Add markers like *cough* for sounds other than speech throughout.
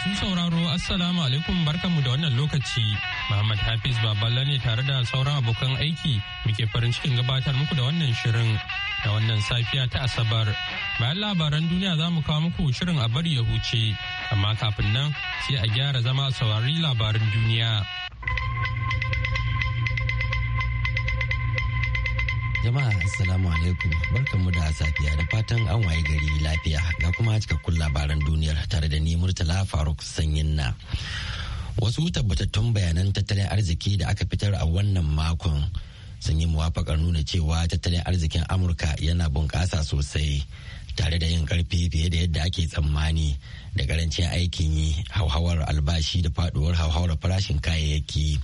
Masu sauraro Assalamu alaikum barkanmu da wannan lokaci. Muhammad Hafiz Baballa ne tare da sauran abokan aiki muke farin cikin gabatar muku da wannan shirin da wannan safiya ta Asabar. Bayan labaran duniya za mu kawo muku shirin a bari ya huce, amma kafin nan sai a gyara zama saurari labaran duniya. Jama'a Assalamu alaikum barkanmu da safiya da fatan an waye gari lafiya ga kuma cikakkun labaran duniyar tare da Murtala Faruk sanyin na Wasu tabbatattun bayanan tattalin arziki da aka fitar a wannan makon sun yi muwafakar nuna cewa tattalin arzikin Amurka yana bunƙasa sosai tare da yin ƙarfi fiye da yadda ake tsammani da karancin aikin yi hauhawar albashi da faduwar hauhawar farashin kayayyaki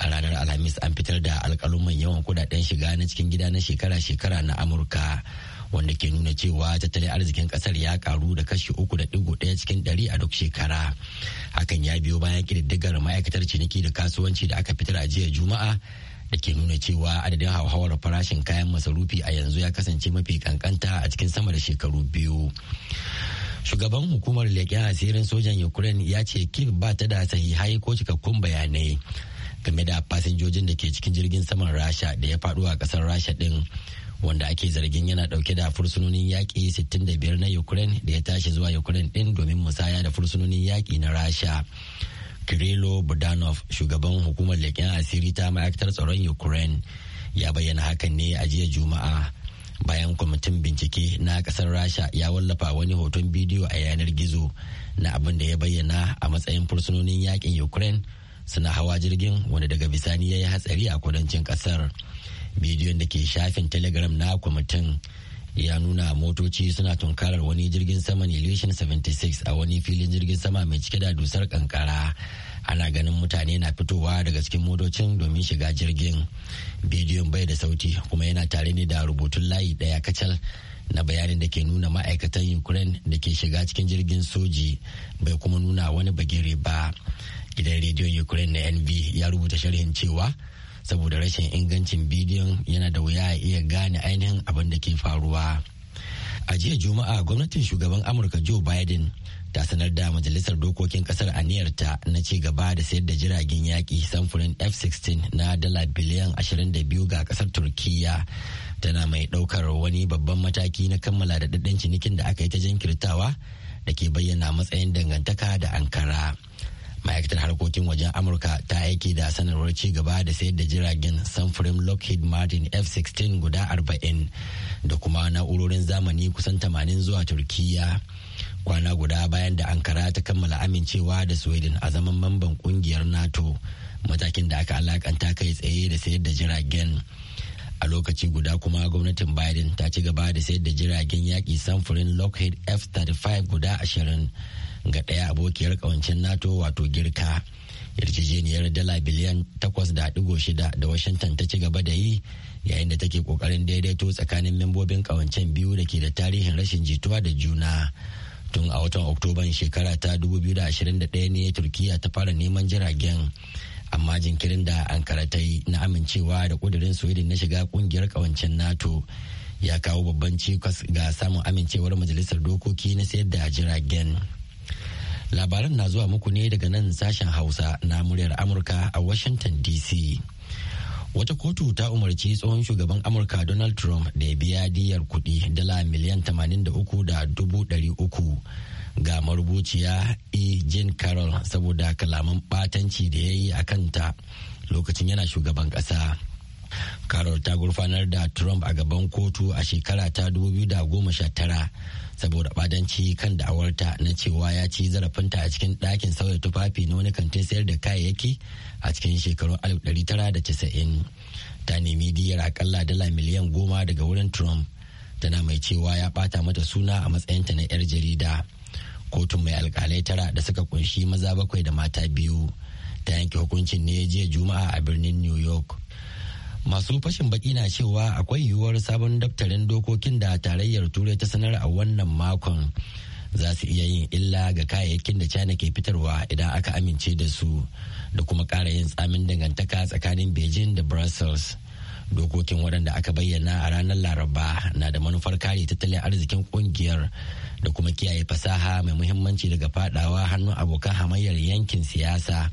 a ranar alhamis an fitar da alkaluman yawan kudaden shiga na cikin gida na shekara-shekara na amurka wanda ke nuna cewa tattalin arzikin kasar ya karu da kashi uku da digo ɗaya cikin ɗari a duk shekara hakan ya biyo bayan ƙididdigar ma'aikatar ciniki da kasuwanci da aka fitar a jiya juma'a da ke nuna cewa adadin hauhawar farashin kayan masarufi a yanzu ya kasance mafi kankanta a cikin sama da shekaru biyu shugaban hukumar leƙen asirin sojan ukraine ya ce kif ba ta da sahihai ko cikakkun bayanai game da fasinjojin da ke cikin jirgin saman rasha da ya faɗo a ƙasar rasha ɗin wanda ake zargin yana dauke da fursunonin yaƙi 65 na ukraine da ya tashi zuwa ukraine din domin musaya da fursunonin yaƙi na rasha kirilo budanov shugaban hukumar leƙen asiri ta ma'aikatar tsaron ukraine ya bayyana hakan ne a jiya juma'a bayan kwamitin bincike na ƙasar rasha ya wallafa wani hoton bidiyo a yanar gizo na abin da ya bayyana a matsayin fursunonin yaƙin ukraine suna hawa jirgin wanda daga bisani ya yi hatsari a kudancin ƙasar bidiyon da ke shafin telegram na kwamitin ya nuna motoci suna tunkarar wani jirgin sama ne 76 a wani filin jirgin sama mai cike da dusar kankara ana ganin mutane na fitowa daga cikin motocin domin shiga jirgin bidiyon bai da sauti kuma yana tare ne da rubutun layi daya kacal na bayanin da ke nuna ma'aikatan ukraine da ke shiga cikin jirgin soji bai kuma nuna wani bagire ba gidan rediyon ukraine na nv ya rubuta sharhin cewa saboda rashin ingancin bidiyon yana da wuya a iya gane ainihin abin da ke faruwa a jiya juma'a gwamnatin shugaban amurka joe biden ta sanar da majalisar dokokin kasar aniyarta na ci gaba da sayar da jiragen yaƙi samfurin f-16 na dala biliyan 22 ga kasar turkiya tana mai ɗaukar wani babban mataki na kammala da cinikin da aka yi ta jinkirtawa da ke bayyana matsayin dangantaka da ankara ma'aikatar harkokin wajen amurka ta aiki da sanarwar ci gaba da sayar da jiragen samfurin lockheed martin f-16 guda 40 da kuma na'urorin zamani kusan 80 zuwa turkiya kwana guda bayan da ankara ta kammala amincewa da sweden a zaman mamban kungiyar nato matakin da aka alakanta kai tsaye da sayar da jiragen a lokaci guda kuma gwamnatin biden ta ci gaba da sayar da jiragen yaƙi samfurin lockheed f-35 guda ashirin. ga ɗaya abokiyar ƙawancin nato wato girka yarjejeniyar dala biliyan takwas da shida da washington ta ci gaba da yi yayin da take kokarin daidaito tsakanin membobin kawancen biyu da ke da tarihin rashin jituwa da juna tun a watan oktoban shekara ta 2021 ne turkiya ta fara neman jiragen amma jinkirin da ankara ta na amincewa da kudirin sweden na shiga kungiyar kawancen nato ya kawo babban cikas ga samun amincewar majalisar dokoki na sayar da jiragen. labaran na zuwa muku ne daga nan sashen hausa na muryar amurka a washington dc wata kotu ta umarci tsohon shugaban amurka donald trump da ya biya diyar kudi dala miliyan 83 da dubu uku ga marubuciya e jean carroll saboda kalaman batanci da ya yi a kanta lokacin yana shugaban ƙasa. Carol ta gurfanar da Trump a gaban kotu a shekara ta 2019 saboda badanci kan da'awarta na cewa ya ci zarafinta a cikin ɗakin sauya tufafi na wani kantin sayar da kayayyaki a cikin shekarun 1990. Ta nemi diyar akalla dala miliyan goma daga wurin Trump tana mai cewa ya ɓata mata suna a matsayinta na 'yar jarida. Kotun mai alkalai tara da suka kunshi maza bakwai da mata biyu ta yanke hukuncin ne jiya Juma'a a birnin New York. masu fashin baki na cewa akwai yiwuwar sabon daftarin dokokin da tarayyar turai ta sanar a wannan makon za su iya yin illa ga kayayyakin da china ke fitarwa idan aka amince da su da kuma ƙara yin tsamin dangantaka tsakanin beijing da brussels dokokin waɗanda aka bayyana a ranar laraba na da manufar kare tattalin arzikin ƙungiyar da kuma kiyaye fasaha mai muhimmanci daga fadawa hannun abokan hamayyar yankin siyasa.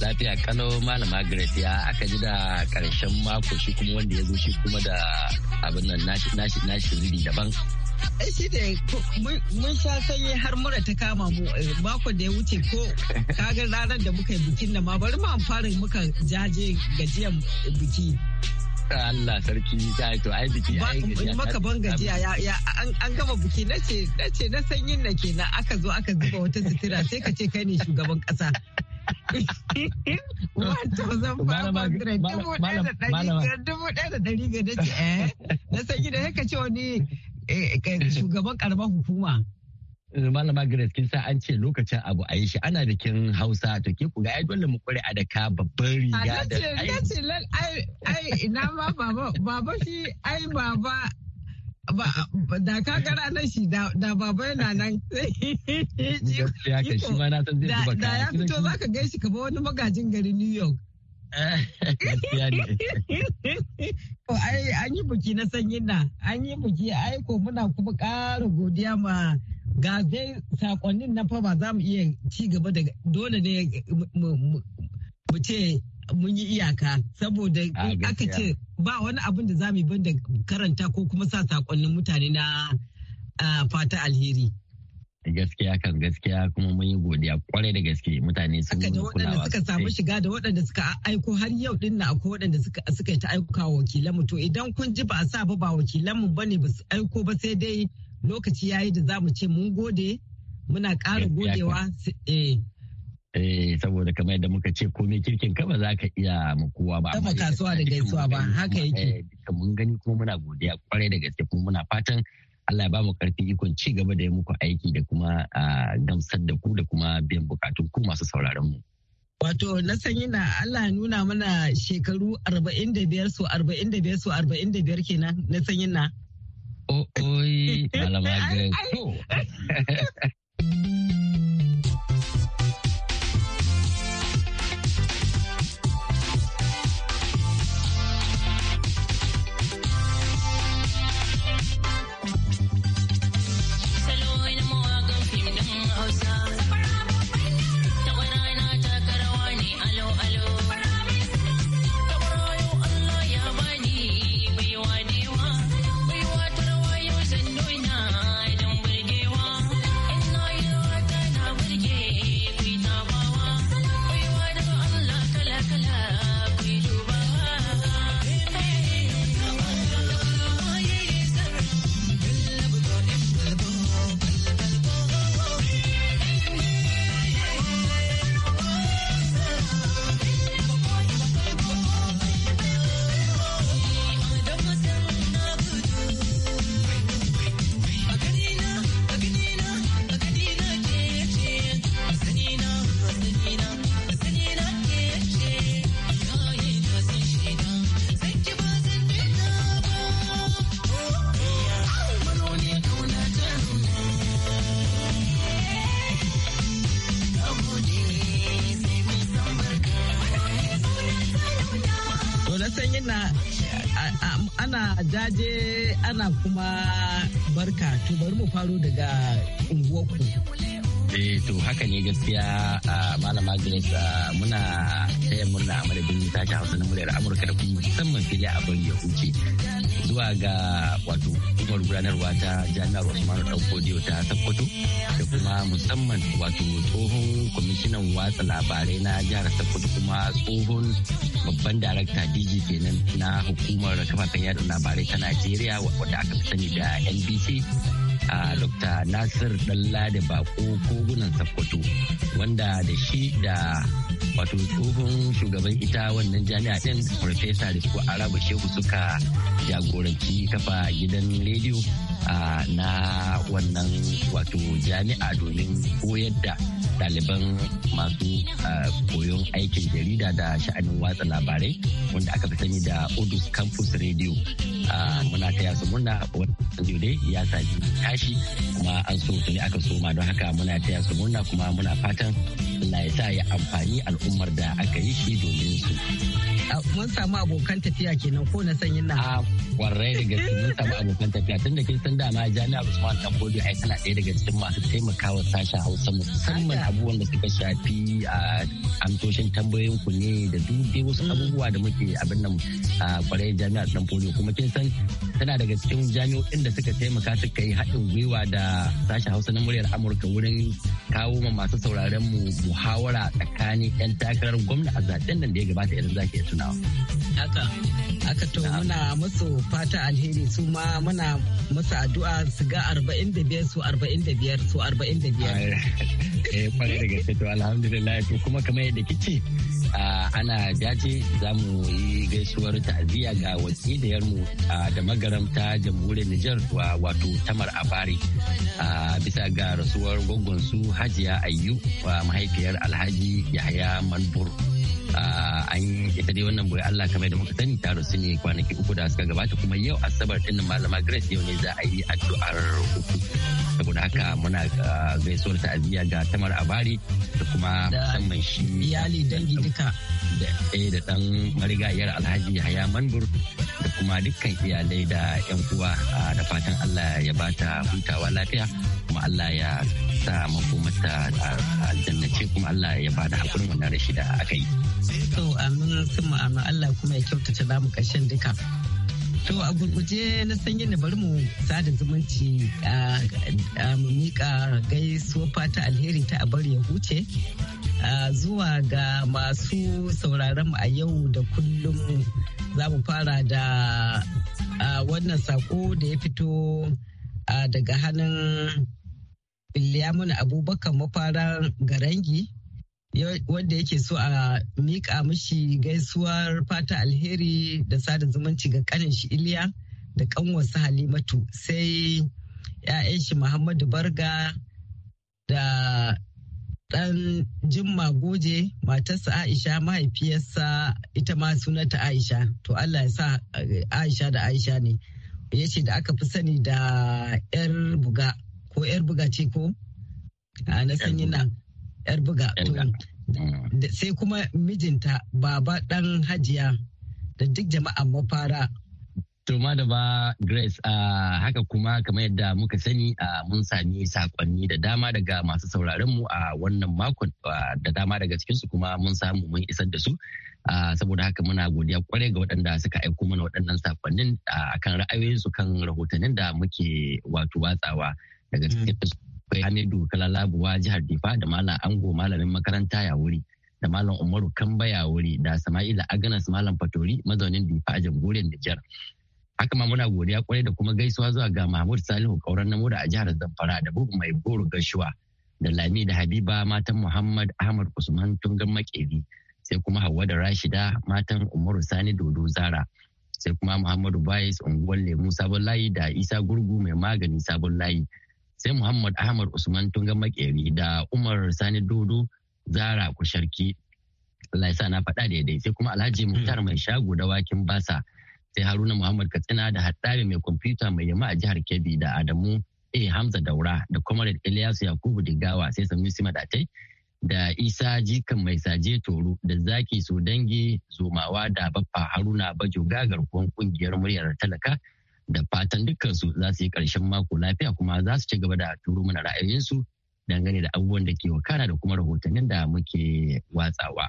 lafiya kano malama Grace ya aka ji da karshen mako shi kuma wanda ya zo shi kuma da abin nan nashi nashi nashi riri daban eh, shi da mun sha sanyi har mura ta kama mu eh, makon da ya wuce ko kaga ranar da muka yi bikin nan ma bari mu amfara muka jaje gajiyan biki Allah sarki ta to ai biki ai gajiya maka ban gajiya ya an gama biki nace nace na sanyin na kenan aka zo aka zuba wata sutura sai ka ce kai ne shugaban kasa dubu ɗaya da da ɗari biyar eh? Na san gida ya kace wani eh, shugaban karamar hukuma. Eh, Malama Grace kin sa an ce lokacin abu a yi shi ana bikin Hausa to ke ku ga ai dole mu kware a da ka babban riga da ai. Ai ina ma baba baba shi ai baba da ka gara na shi da baba yana nan *laughs* da ya fito za ka gaishe ka ba wani magajin gari new york *laughs* *laughs* an yi buki na sanyin na an yi buki aiko muna kuma ƙara godiya ma ga dai sakonnin na fa ba za mu iya ci gaba da dole ne mu ce mun yi iyaka saboda aka ce ba wani abin da za mu ban da karanta ko kuma sa sakonnin mutane na fata alheri. gaskiya kan gaskiya kuma mun yi godiya kwarai da gaske mutane sun kulawa da waɗanda suka samu shiga da waɗanda suka aiko har yau din na akwai waɗanda suka yi ta aika wakilan mu to idan kun ji ba a sa ba ba wakilan mu bane ba su aiko ba sai dai lokaci yayi da za mu ce mun gode muna ƙara godewa eh Eh, saboda kamar yadda muka ce komai kirkin ka ba za ka iya mu kowa ba amma kasuwa da gaisuwa ba haka yake eh, mun gani kuma muna godiya kwarai da gaske kuma muna fatan Allah ya ba mu karfi ikon ci gaba da ya muku aiki da kuma gamsar da ku da kuma biyan bukatun ku masu sauraron mu Wato na san yana Allah nuna mana shekaru 45 so 45 so 45 kenan na san yana. Oh, *laughs* malama ga to. *laughs* Daje ana kuma barka to bari mu faro daga unguwarku. Eh to haka ne gaskiya a malama Grace muna taya murna a madadin sashen Hausa na muryar Amurka da kuma musamman fili a bari ya huce zuwa ga wato hukumar gudanarwa ta jami'ar ɗauko diyo ta Sokoto da kuma musamman wato tsohon kwamishinan watsa labarai na jihar Sokoto kuma tsohon babban darakta DG kenan na hukumar kafafen yada labarai ta Najeriya wadda aka fi sani da NBC a Dr. Nasir Dalla da Bako Kogunan Sokoto wanda da shi da wato tsohon shugaban ita wannan jami'a din Profesa Rifko Arabu Shehu suka jagoranci kafa gidan rediyo ah, na wannan wato jami'a domin koyar da ɗaliban masu ah, koyon aikin jarida da sha'anin watsa labarai wanda aka fi sani da Odus Campus Radio. Ah, muna ta yasa murna wani dai ya sami tashi kuma an so ne aka so ma don haka muna ta yasa murna kuma muna fatan Allah ya sa ya amfani al'ummar da aka yi shi domin su. mun samu abokan tafiya kenan ko na sanyin nan. A ah, kwarai da gaske mun samu abokan tafiya tun da kin san dama jami'ar Usman Tambodo ai tana ɗaya daga cikin masu taimakawa sashen Hausa musamman abubuwan da suka shafi a ah, amtoshin tambayoyin ku ne da duk wasu mm. abubuwa da muke abin nan a ah, kwarai jami'ar Tambodo kuma kin san tana daga cikin jami'o'in da suka taimaka suka yi haɗin gwiwa da sashen hausa na muryar amurka wurin kawo ma masu sauraren mu muhawara tsakanin 'yan takarar gwamna a zaɓen nan da ya gabata idan za ka tunawa. haka haka to muna musu fata alheri su ma muna musu addu'a su ga 45 su 45 su 45 eh kwarai da gaske to alhamdulillah to kuma kamar yadda kice ana dace za mu yi gaisuwar ta'aziyya ga da mu da magaramta jamhuriyar Nijar wato Tamar Abari bisa ga rasuwar gwaggon su Hajiya Ayyu mahaifiyar Alhaji Yahaya Manbur. an ah, ita dai wannan boye Allah kamar da muka sani ta rasu ne kwanaki uku da suka gabata kuma yau asabar din malama Grace yau ne za a yi addu'ar uku saboda haka muna ah, gaisuwar ta'aziyya ga Tamar Abari da kuma musamman shi iyali dangi duka da eh, da dan marigayar Alhaji Haya Manbur da kuma dukkan iyalai da yan uwa ah, da fatan Allah ya bata hutawa lafiya kuma Allah ya sa makomarta a aljannace kuma Allah ya ba da hakurin wannan rashi da aka yi. To amin sun ma'amin Allah kuma ya kyautata namu ƙarshen duka. To a gurguje na san yin bari mu sada zumunci mu mika gaisuwa fata alheri ta a bari ya huce zuwa ga masu sauraron a yau da kullum za mu fara da wannan sako da ya fito daga hannun Liyamun Abubakar mafara Garangi wanda yake so a mika mishi gaisuwar fata alheri da sada zumunci ga kanin shi Iliya da ƙanwarsa Halimatu sai 'ya'yan shi Muhammadu Barga da ɗan Jimma Goje matarsa Aisha mahaifiyarsa ita ma sunanta Aisha to Allah ya sa eh, Aisha da Aisha ne ya ce da aka fi sani da 'yar buga ko yar buga ce ko na sanyi na yar buga sai kuma mijinta baba dan hajiya da duk jama'a mafara To ma da ba Grace a haka kuma kamar yadda muka sani a mun sami sakonni da dama daga masu sauraron mu a wannan makon da dama daga cikinsu kuma mun samu mun isar da su. saboda haka muna godiya kwarai ga waɗanda suka aiko mana waɗannan sakonnin kan ra'ayoyinsu kan rahotannin da muke wato watsawa. daga cikin bayanai dokala labuwa jihar difa da malam ango malamin makaranta ya wuri da malam umaru kamba ya wuri da sama'ila aganas malam fatori mazaunin difa a jamhuriyar nijar haka ma muna godiya kwarai da kuma gaisuwa zuwa ga mahmud salihu kauran namo da a jihar zamfara da bugu mai goro gashuwa da lami da habiba matan muhammad ahmad usman tungan makeri sai kuma Hauwa da rashida matan umaru sani dodo zara sai kuma muhammadu bayis unguwar lemu sabon layi da isa gurgu mai magani sabon layi sai Muhammad Ahmad Usman Tunga Makeri da Umar Sani Dodo Zara Kusharki. Allah ya na faɗa daidai sai kuma Alhaji hmm. muhtar mai shago da wakin basa sai Haruna Muhammad Katsina da Hattabi mai kwamfuta mai yamma a jihar Kebbi da Adamu A Hamza Daura da Comrade Ilyasu Yakubu Digawa sai Sima Datai da Isa Jikan mai saje toro da Zaki Sodange Zomawa da Baffa Haruna Bajo gagarkuwan kungiyar muryar talaka. da fatan dukkansu za su yi ƙarshen mako lafiya kuma za su ci gaba da turo mana ra'ayoyinsu dangane da abubuwan da ke wakana da kuma rahotannin da muke watsawa.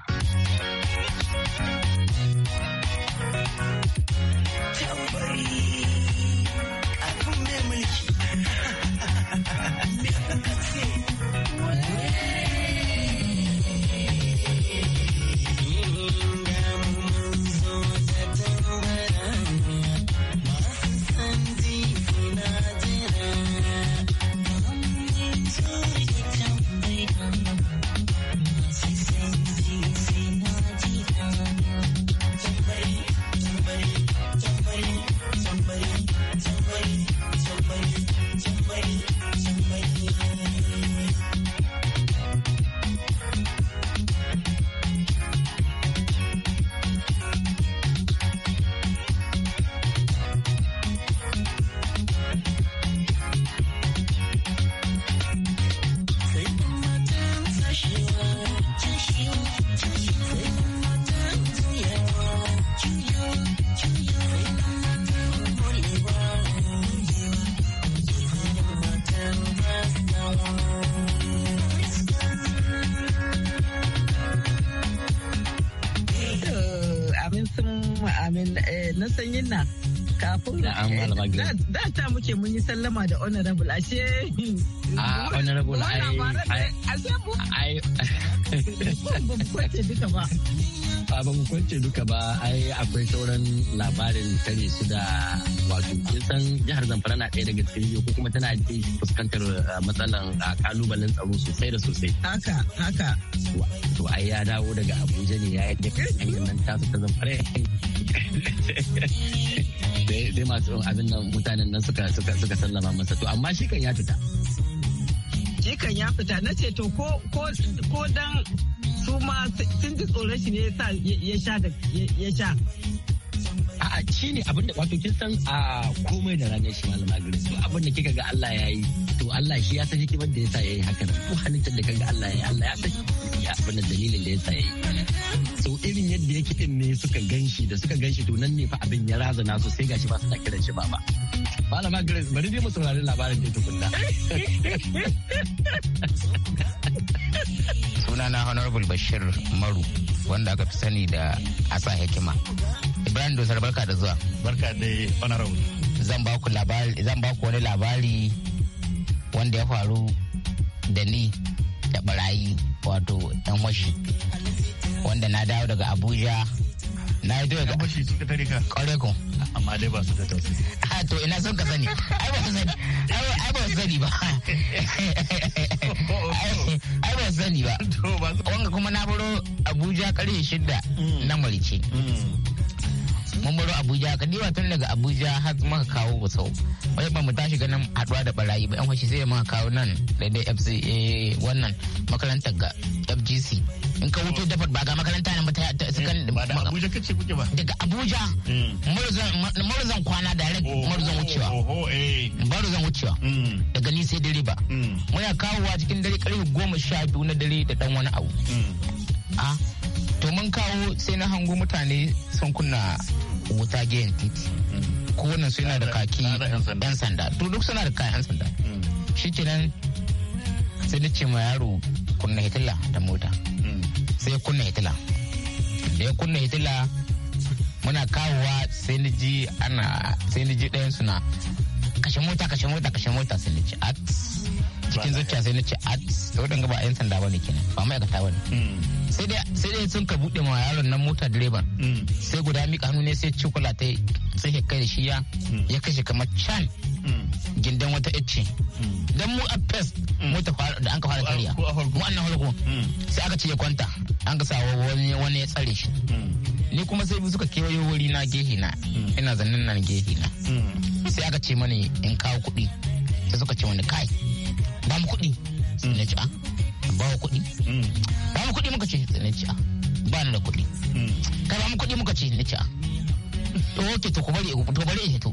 Da ta muke mun yi sallama da honorable ashe. A ah, honorable ai. Ashe mu. Ai. Ba mu kwance duka ba. Ba mu kwance duka ba ai akwai sauran labarin kare su da wato kin san jihar Zamfara na ɗaya daga cikin ko kuma tana fuskantar ah, matsalan ah, kalubalen tsaro sosai da sosai. Haka haka. To ai ya dawo daga Abuja ne ya yi hanyar nan tasu ta Zamfara. dai masu abin nan mutanen nan suka suka sallama masa to amma shi kan ya fita shi kan ya fita na ce to ko ko ko dan su ma sun ji tsoron shi ne ya sha da ya sha a'a shi ne abin da wato kin san a komai da ranar shi malama gari to abin da kika ga Allah ya yi to Allah shi ya san hikimar da ya sa ya yi haka ko halittar da kaga Allah ya yi Allah ya san ya wannan dalilin da ya tsaye. so irin yadda yake din ne suka ganshi da suka ganshi to nan ne fa abin ya razana su sai gashi ba su kiran shi baba malama grace bari dai mu saurari labarin da tukunna *laughs* na honorable bashir maru wanda aka fi sani da asa hikima ibrahim dosar barka da zuwa barka da honorable zan ba ku labari zan ba ku wani labari wanda ya faru da ni da barayi wato dan washi wanda na dawo daga abuja na yi doya ga bashi suka tare ka kware ko amma dai ba su da tausi ha *laughs* ah, to ina son ka sani ai ba su sani ai ba su sani ba ai ba su sani ba wanga kuma na buro abuja karfe shidda mm. na marice mm. mun abuja ka diwa tun daga abuja har muka kawo gusau wai ba mu tashi ganin haduwa da barayi ba yan washi sai muka kawo nan daidai fca wannan makarantar ga fgc in ka wuto dafa ba ga makaranta na mata hmm, ba da abuja kace kuke ba daga abuja marzan hmm. kwana direct marzan wucewa eh. marzan wucewa hmm. daga ni sai dare ba muna kawowa cikin dare karfe goma sha biyu na dare da dan wani abu ah, to mun kawo sai na hango mutane sun kunna wuta gayan titi kowannan sai na da kaki yan sanda to duk suna da kayan sanda mm. nan sai na ce ma yaro kunna hitila da mota mm. sai ya kunna hitila da ya kunna hitila muna kawowa sai na ji ana sai na ji ɗayan suna kashe mota kashe mota kashe mota sai na ce at cikin zuciya sai na ce at waɗanda ba 'yan sanda ba ne kenan ba ma'aikata ba ne mm. sai dai sun ka buɗe ma yaron nan mota direban mm. sai guda mika hannu ne sai cikula ta sai ya kai shi ya mm. ya kashe kamar can mm. gindan wata ice dan mu a fes mota da an ka fara kariya mu annan harko sai aka ce ya kwanta an ka sawa wani wani ya tsare shi ni kuma sai suka kewayo wuri na gehe na ina zannin nan gehe na sai aka ce mani in kawo kuɗi sai suka ce wani kai ba mu kuɗi sai na ci ah, ba kuɗi ba mu kuɗi muka ce na ci ah, ba ni da kuɗi ka ba mu kuɗi muka ce na ci ah. to ke to ku bari to bari ya to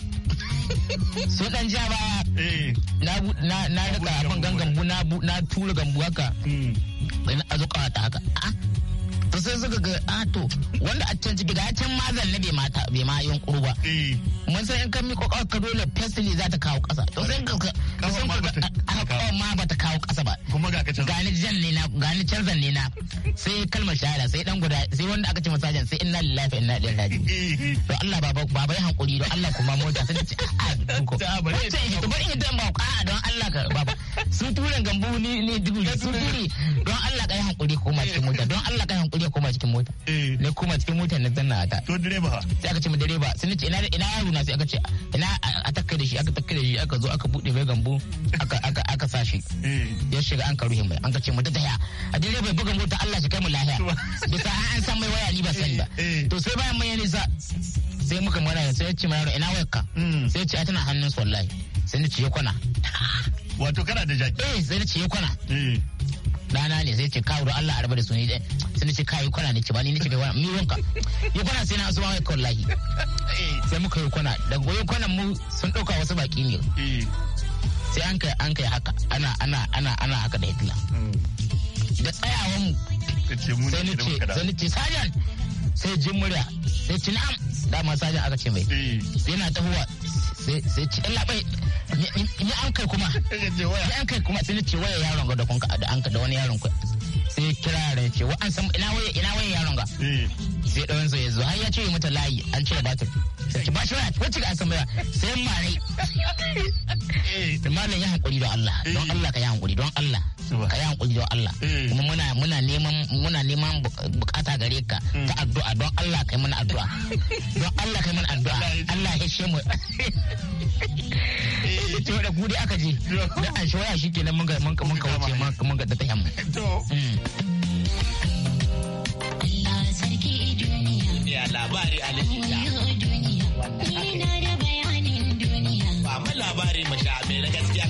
sun dan ja ba eh. na na rika abin gangan na tura gambu haka a zuƙa ta haka ah, to sai suka ga ato ah, wanda a can gida can ma zanne bai mata bai ma yunkuru ba eh. mun san in ka miko ka dole fesili za ta kawo kasa to sai ka san ka ma ba ta kawo kasa ba kuma ga ka can gani jan ne na gani can ne na sai kalmar shahada sai dan guda sai wanda aka ce masajan sai inna lillahi wa inna ilaihi raji eh. to Allah baba baba ya hankuri don Allah kuma mota sai ce a ah, ah, ko ta bari ta bari ba ka don Allah ka baba sun turan gambu ni ne dubu sun turi don Allah ka yi hankuri ko ma cikin mota don Allah ka yi hankuri ya koma cikin mota eh. na koma cikin mota na zanna ta to direba sai aka ce mu direba sai ce ina ina yaro na sai aka ce ina a takka da shi aka takka da shi aka zo aka bude mai gambo aka aka aka sa shi eh. ya shiga an karu himma. an ka ce mu ta a direba buga mota Allah shi kai mu lahiya bisa an san mai waya ni ba sani ba eh, to sai bayan mai yi nisa sai muka mana sai ya ce mai yaro ina wayarka hmm. sai ya ce tana hannun su wallahi sai ni ce ya kwana wato kana da jaki eh sai ni ce ya kwana dana ne sai ce kawo da Allah arba da su ni sai ce kai kwana ne ce ba ni ne ce kai wani wanka yi kwana sai na asuwa kai wallahi eh. sai muka yi kwana da goyi kwanan mu sun dauka wasu baki ne eh. sai an kai an kai haka ana ana ana ana haka da Hitler hmm. da tsayawan mu sai ce sai ni ce sajan sai jin murya sai ci na'am dama sajan aka ce mai eh. yana tahowa sai sai ci labai ni an kai kuma ni an kai kuma sai ce waya yaron ga da kun da an da wani yaron ku sai kira ya ce wa an san ina waya ina waya yaron ga eh. sai ɗawan sa ya zo har ya ce mata layi an cire datar ki ba shi waya wacce ka san baya sai mare eh, malam ya hankuri don Allah eh. don Allah ka yi hankuri don Allah ka yi hankuri don Allah eh. kuma muna muna neman muna neman bukata gare ka ta hmm. addu'a don Allah kai mana addu'a don Allah kai mana addu'a Allah ya shi mu *laughs* to da gudi aka je da an shi waya shikenan mun ga mun ka wuce mun ga ta yamma to hmm. duniya labari a likita. Ba mu labari mu sha na gaskiya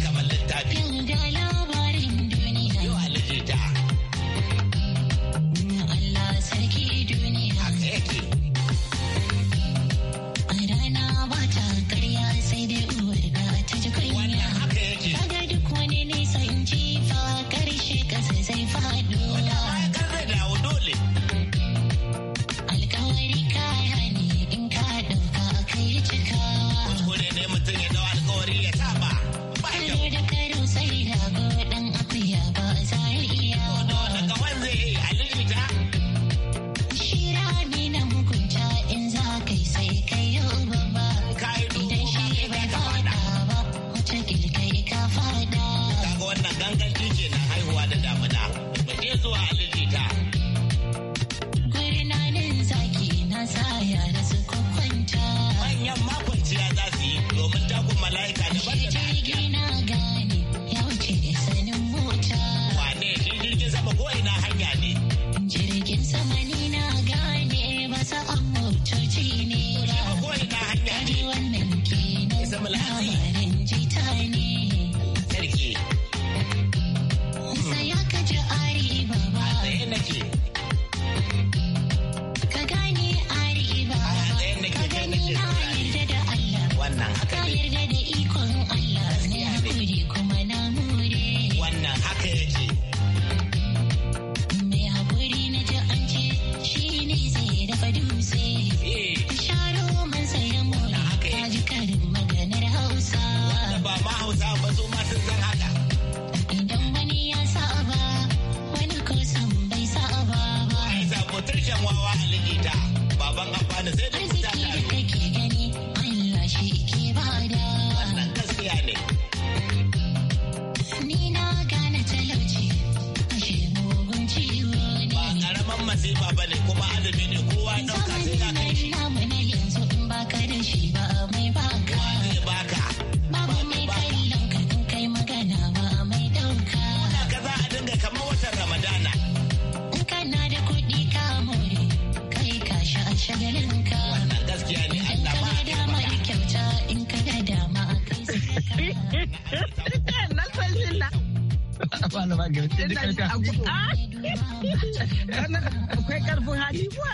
Akwai karfin hali kuwa.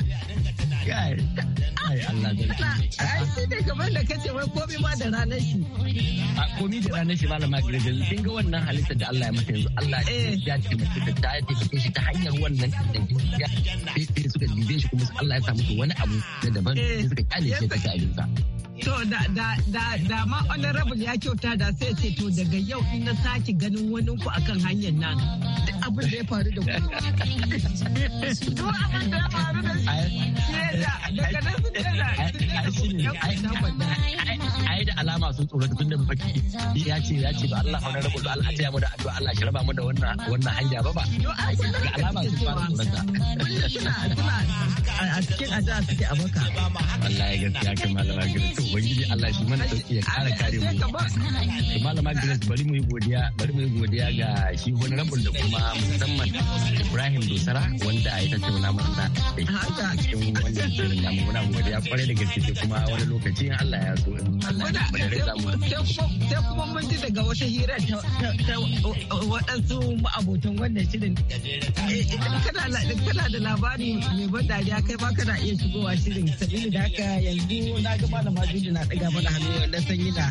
Kai, da kamar da kace wai komi ma da ranar shi. A komi da ranar shi malama Firjil, kin ga wannan halittar da Allah ya yanzu Allah ya da ta shi ta hanyar wannan da ya suka libe shi kuma Allah ya sa wani abu na daban suka kane shi ta ta abinsa. To da da da da ma honorable ya kyauta da sai ce to daga yau in na sake ganin wani ku akan hanyar nan. Abin da ya faru da ku. To *laughs* abin da ya faru da shi. Daga Ai da alama sun tsoro da tunda mafaki ya ce ya ce ba Allah da Allah ta yamu da addu'a Allah shi raba mu da wannan wannan hanya ba ba. Ga alama sun fara tsoron da. a cikin ajiya suke a baka. Allah ya gaskiya kan da girtu. ubangiji Allah ya mana sauki ya kara kare mu malama Grace bari mu yi godiya bari mu yi godiya ga shi honorable da kuma musamman Ibrahim Dosara wanda ya tattauna mu da haka cikin wannan shirin da mu na godiya kwarai da gaske kuma kuma wani lokaci in Allah ya so sai kuma mun ji daga wata hira ta waɗansu ma'abotan wannan shirin eh, kana da labari mai ban dariya kai ma kana iya shigowa shirin sabili da haka yanzu na ga malama Hamidu na ɗaga mana hannu na sanyi na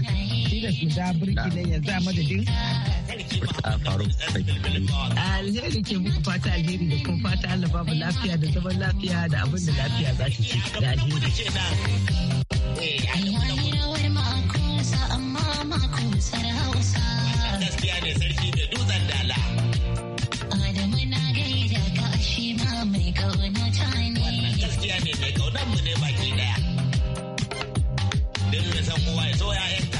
tilas mu da burki ne yanzu a madadin. Alheri ke muku fata alheri da kuma fata Allah babu lafiya da zaman lafiya da abin da lafiya za ta ci da alheri. Gaskiya ne sarki da dutse. yan uwa ya so ya'yanka